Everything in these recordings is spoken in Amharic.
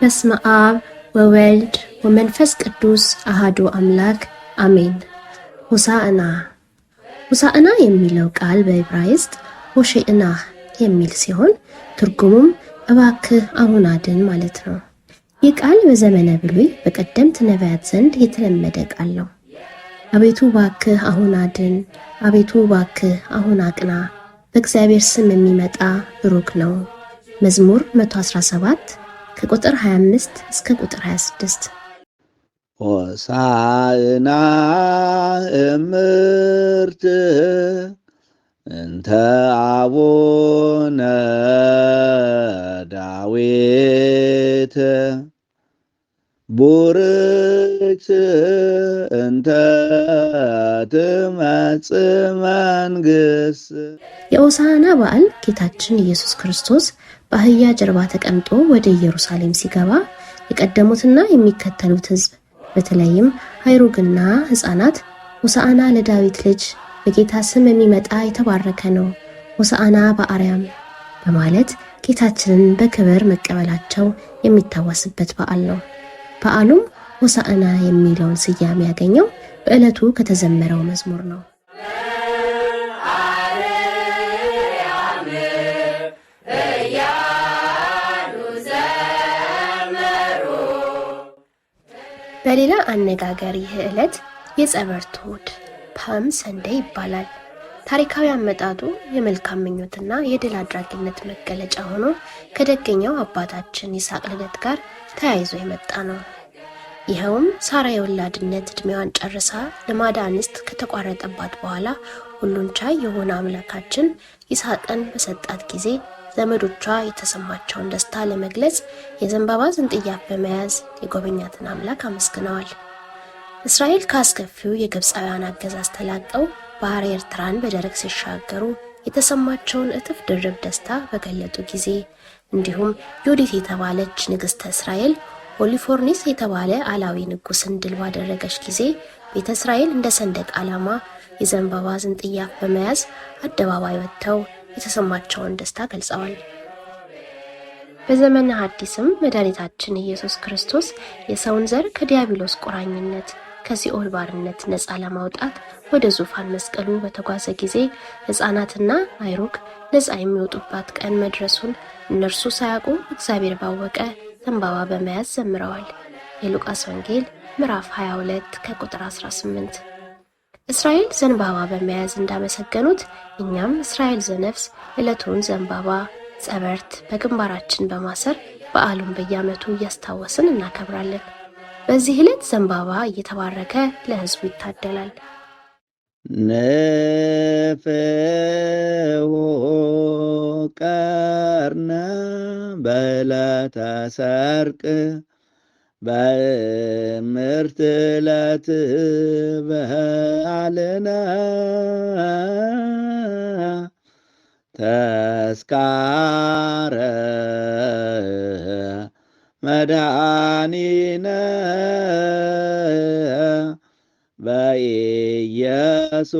በስመ አብ ወወልድ ወመንፈስ ቅዱስ አሃዱ አምላክ አሜን። ሆሳዕና ሆሳዕና የሚለው ቃል በዕብራይስጥ ሆሼዕና የሚል ሲሆን ትርጉሙም እባክህ አሁን አድን ማለት ነው። ይህ ቃል በዘመነ ብሉይ በቀደምት ነቢያት ዘንድ የተለመደ ቃል ነው። አቤቱ ባክህ አሁን አድን፣ አቤቱ ባክህ አሁን አቅና፣ በእግዚአብሔር ስም የሚመጣ ብሩክ ነው። መዝሙር 117 ከቁጥር 25 እስከ ቁጥር 26 ሆሳዕና እምርት እንተ አቡነ ዳዊት ቡር ውእት እንተ የሆሳዕና በዓል ጌታችን ኢየሱስ ክርስቶስ በአህያ ጀርባ ተቀምጦ ወደ ኢየሩሳሌም ሲገባ የቀደሙትና የሚከተሉት ህዝብ በተለይም አይሩግና ህፃናት ሆሳዕና ለዳዊት ልጅ በጌታ ስም የሚመጣ የተባረከ ነው ሆሳዕና በአርያም በማለት ጌታችንን በክብር መቀበላቸው የሚታወስበት በዓል ነው። በዓሉም ሆሳዕና የሚለውን ስያሜ ያገኘው በዕለቱ ከተዘመረው መዝሙር ነው። በሌላ አነጋገር ይህ ዕለት የጸበርት ፓም ሰንዴ ይባላል። ታሪካዊ አመጣጡ የመልካም ምኞትና የድል አድራጊነት መገለጫ ሆኖ ከደገኛው አባታችን ይስሐቅ ልደት ጋር ተያይዞ የመጣ ነው። ይኸውም ሳራ የወላድነት እድሜዋን ጨርሳ ልማደ አንስት ከተቋረጠባት በኋላ ሁሉን ቻይ የሆነ አምላካችን ይስሐቅን በሰጣት ጊዜ ዘመዶቿ የተሰማቸውን ደስታ ለመግለጽ የዘንባባ ዝንጥያ በመያዝ የጎበኛትን አምላክ አመስግነዋል። እስራኤል ከአስከፊው የግብፃውያን አገዛዝ ተላቀው ባህረ ኤርትራን በደረቅ ሲሻገሩ የተሰማቸውን እጥፍ ድርብ ደስታ በገለጡ ጊዜ እንዲሁም ዮዲት የተባለች ንግሥተ እስራኤል ሆሊፎርኒስ የተባለ አላዊ ንጉስ ድል ባደረገች ጊዜ ቤተ እስራኤል እንደ ሰንደቅ ዓላማ የዘንባባ ዝንጥያፍ በመያዝ አደባባይ ወጥተው የተሰማቸውን ደስታ ገልጸዋል። በዘመነ ሐዲስም መድኃኒታችን ኢየሱስ ክርስቶስ የሰውን ዘር ከዲያብሎስ ቁራኝነት ከሲኦል ባርነት ነፃ ለማውጣት ወደ ዙፋን መስቀሉ በተጓዘ ጊዜ ሕፃናትና አይሩክ ነፃ የሚወጡባት ቀን መድረሱን እነርሱ ሳያውቁ እግዚአብሔር ባወቀ ዘንባባ በመያዝ ዘምረዋል። የሉቃስ ወንጌል ምዕራፍ 22 ከቁጥር 18። እስራኤል ዘንባባ በመያዝ እንዳመሰገኑት እኛም እስራኤል ዘነፍስ ዕለቱን ዘንባባ፣ ጸበርት በግንባራችን በማሰር በዓሉን በየዓመቱ እያስታወስን እናከብራለን። በዚህ ዕለት ዘንባባ እየተባረከ ለሕዝቡ ይታደላል። ንፍሁ ቀርነ በለተ ሰርቅ በምርት ለትበዓልና ተስካረ መድኃኒነ በኢየሱስ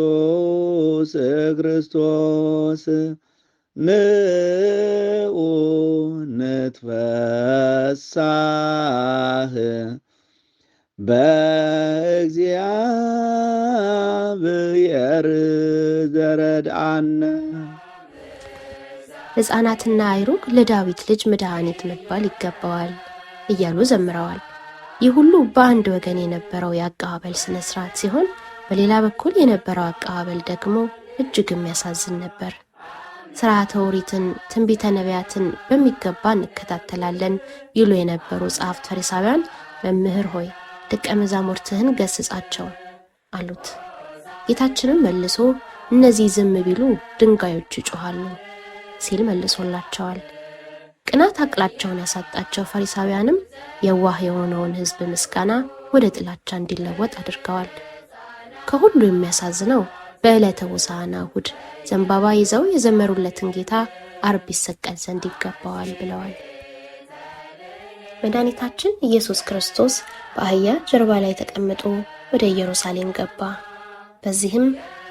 ክርስቶስ ንዑ ንትፈሳህ በእግዚአብሔር ዘረድአነ። ሕፃናትና አይሩግ ለዳዊት ልጅ መድኃኒት መባል ይገባዋል እያሉ ዘምረዋል። ይህ ሁሉ በአንድ ወገን የነበረው የአቀባበል ስነ ስርዓት ሲሆን፣ በሌላ በኩል የነበረው አቀባበል ደግሞ እጅግ የሚያሳዝን ነበር። ስርዓተ ኦሪትን፣ ትንቢተ ነቢያትን በሚገባ እንከታተላለን ይሉ የነበሩ ጸሐፍት ፈሪሳውያን መምህር ሆይ ደቀ መዛሙርትህን ገስጻቸው አሉት። ጌታችንም መልሶ እነዚህ ዝም ቢሉ ድንጋዮች ይጮኋሉ ሲል መልሶላቸዋል። ቅናት አቅላቸውን ያሳጣቸው ፈሪሳውያንም የዋህ የሆነውን ሕዝብ ምስጋና ወደ ጥላቻ እንዲለወጥ አድርገዋል። ከሁሉ የሚያሳዝነው በዕለተ ሆሳዕና እሁድ ዘንባባ ይዘው የዘመሩለትን ጌታ አርብ ይሰቀል ዘንድ ይገባዋል ብለዋል። መድኃኒታችን ኢየሱስ ክርስቶስ በአህያ ጀርባ ላይ ተቀምጦ ወደ ኢየሩሳሌም ገባ። በዚህም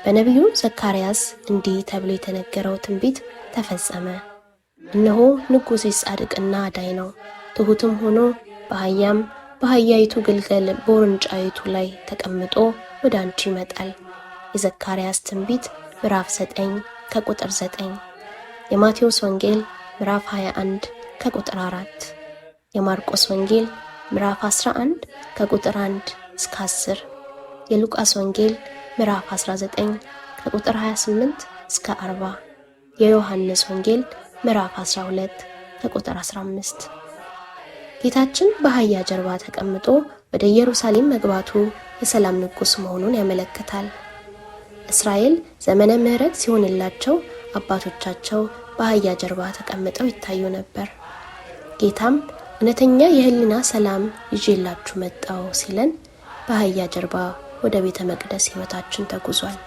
በነቢዩ ዘካርያስ እንዲህ ተብሎ የተነገረው ትንቢት ተፈጸመ። እነሆ ንጉሴ ጻድቅና አዳይ ነው፣ ትሁትም ሆኖ በአህያም በአህያይቱ ግልገል በውርንጫይቱ ላይ ተቀምጦ ወደ አንቺ ይመጣል። የዘካርያስ ትንቢት ምዕራፍ 9 ከቁጥር 9። የማቴዎስ ወንጌል ምዕራፍ 21 ከቁጥር 4። የማርቆስ ወንጌል ምዕራፍ 11 ከቁጥር 1 እስከ 10። የሉቃስ ወንጌል ምዕራፍ 19 ከቁጥር 28 እስከ 40። የዮሐንስ ወንጌል ምዕራፍ 12 ከቁጥር 15 ጌታችን በአህያ ጀርባ ተቀምጦ ወደ ኢየሩሳሌም መግባቱ የሰላም ንጉሥ መሆኑን ያመለክታል። እስራኤል ዘመነ ምሕረት ሲሆንላቸው አባቶቻቸው በአህያ ጀርባ ተቀምጠው ይታዩ ነበር። ጌታም እውነተኛ የህሊና ሰላም ይዤላችሁ መጣው ሲለን በአህያ ጀርባ ወደ ቤተ መቅደስ ሕይወታችን ተጉዟል።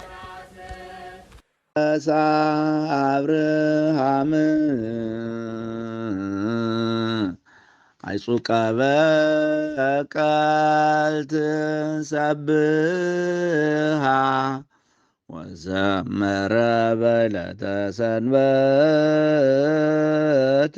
ረሳ አብርሃም አይጹቀ በቃል ትሰብሃ ወዘመረ በለተ ሰንበት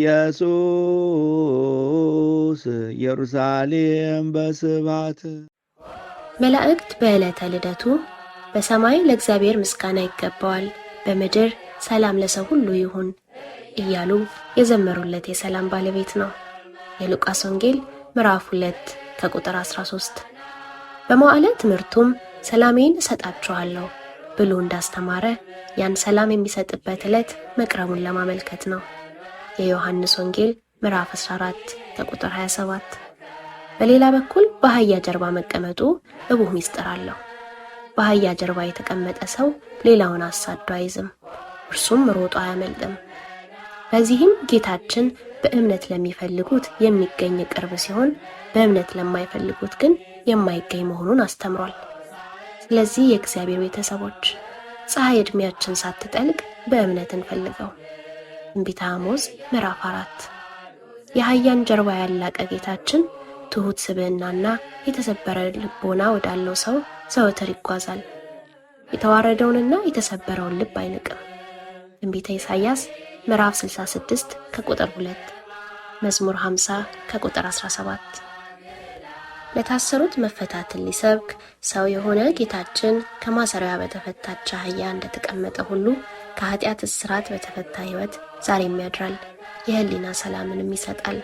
ኢየሱስ ኢየሩሳሌም በስባት መላእክት በዕለተ ልደቱ በሰማይ ለእግዚአብሔር ምስጋና ይገባዋል፣ በምድር ሰላም ለሰው ሁሉ ይሁን እያሉ የዘመሩለት የሰላም ባለቤት ነው። የሉቃስ ወንጌል ምዕራፍ 2 ከቁጥር 13። በመዋዕለ ትምህርቱም ሰላሜን እሰጣችኋለሁ ብሎ እንዳስተማረ ያን ሰላም የሚሰጥበት ዕለት መቅረቡን ለማመልከት ነው። የዮሐንስ ወንጌል ምዕራፍ 14 ከቁጥር 27። በሌላ በኩል በአህያ ጀርባ መቀመጡ እቡህ ሚስጥር አለው። በአህያ ጀርባ የተቀመጠ ሰው ሌላውን አሳዶ አይዝም፣ እርሱም ሮጦ አያመልጥም። በዚህም ጌታችን በእምነት ለሚፈልጉት የሚገኝ ቅርብ ሲሆን በእምነት ለማይፈልጉት ግን የማይገኝ መሆኑን አስተምሯል። ስለዚህ የእግዚአብሔር ቤተሰቦች ፀሐይ ዕድሜያችን ሳትጠልቅ በእምነት እንፈልገው። ትንቢተ አሞጽ ምዕራፍ አራት የአህያን ጀርባ ያላቀ ጌታችን ትሑት ስብዕናና የተሰበረ ልቦና ወዳለው ሰው ዘወትር ይጓዛል። የተዋረደውንና የተሰበረውን ልብ አይንቅም። ትንቢተ ኢሳይያስ ምዕራፍ 66 ከቁጥር 2፣ መዝሙር 50 ከቁጥር 17። ለታሰሩት መፈታትን ሊሰብክ ሰው የሆነ ጌታችን ከማሰሪያ በተፈታች አህያ እንደተቀመጠ ሁሉ ከኃጢአት እስራት በተፈታ ሕይወት ዛሬም ያድራል፣ የህሊና ሰላምንም ይሰጣል።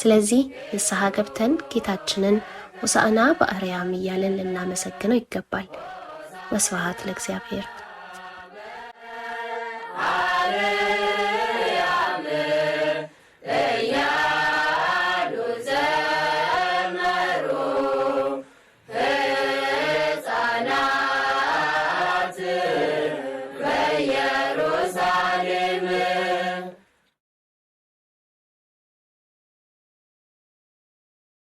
ስለዚህ ንስሐ ገብተን ጌታችንን ሆሳዕና በአርያም እያለን ልናመሰግነው ይገባል። ወስብሐት ለእግዚአብሔር።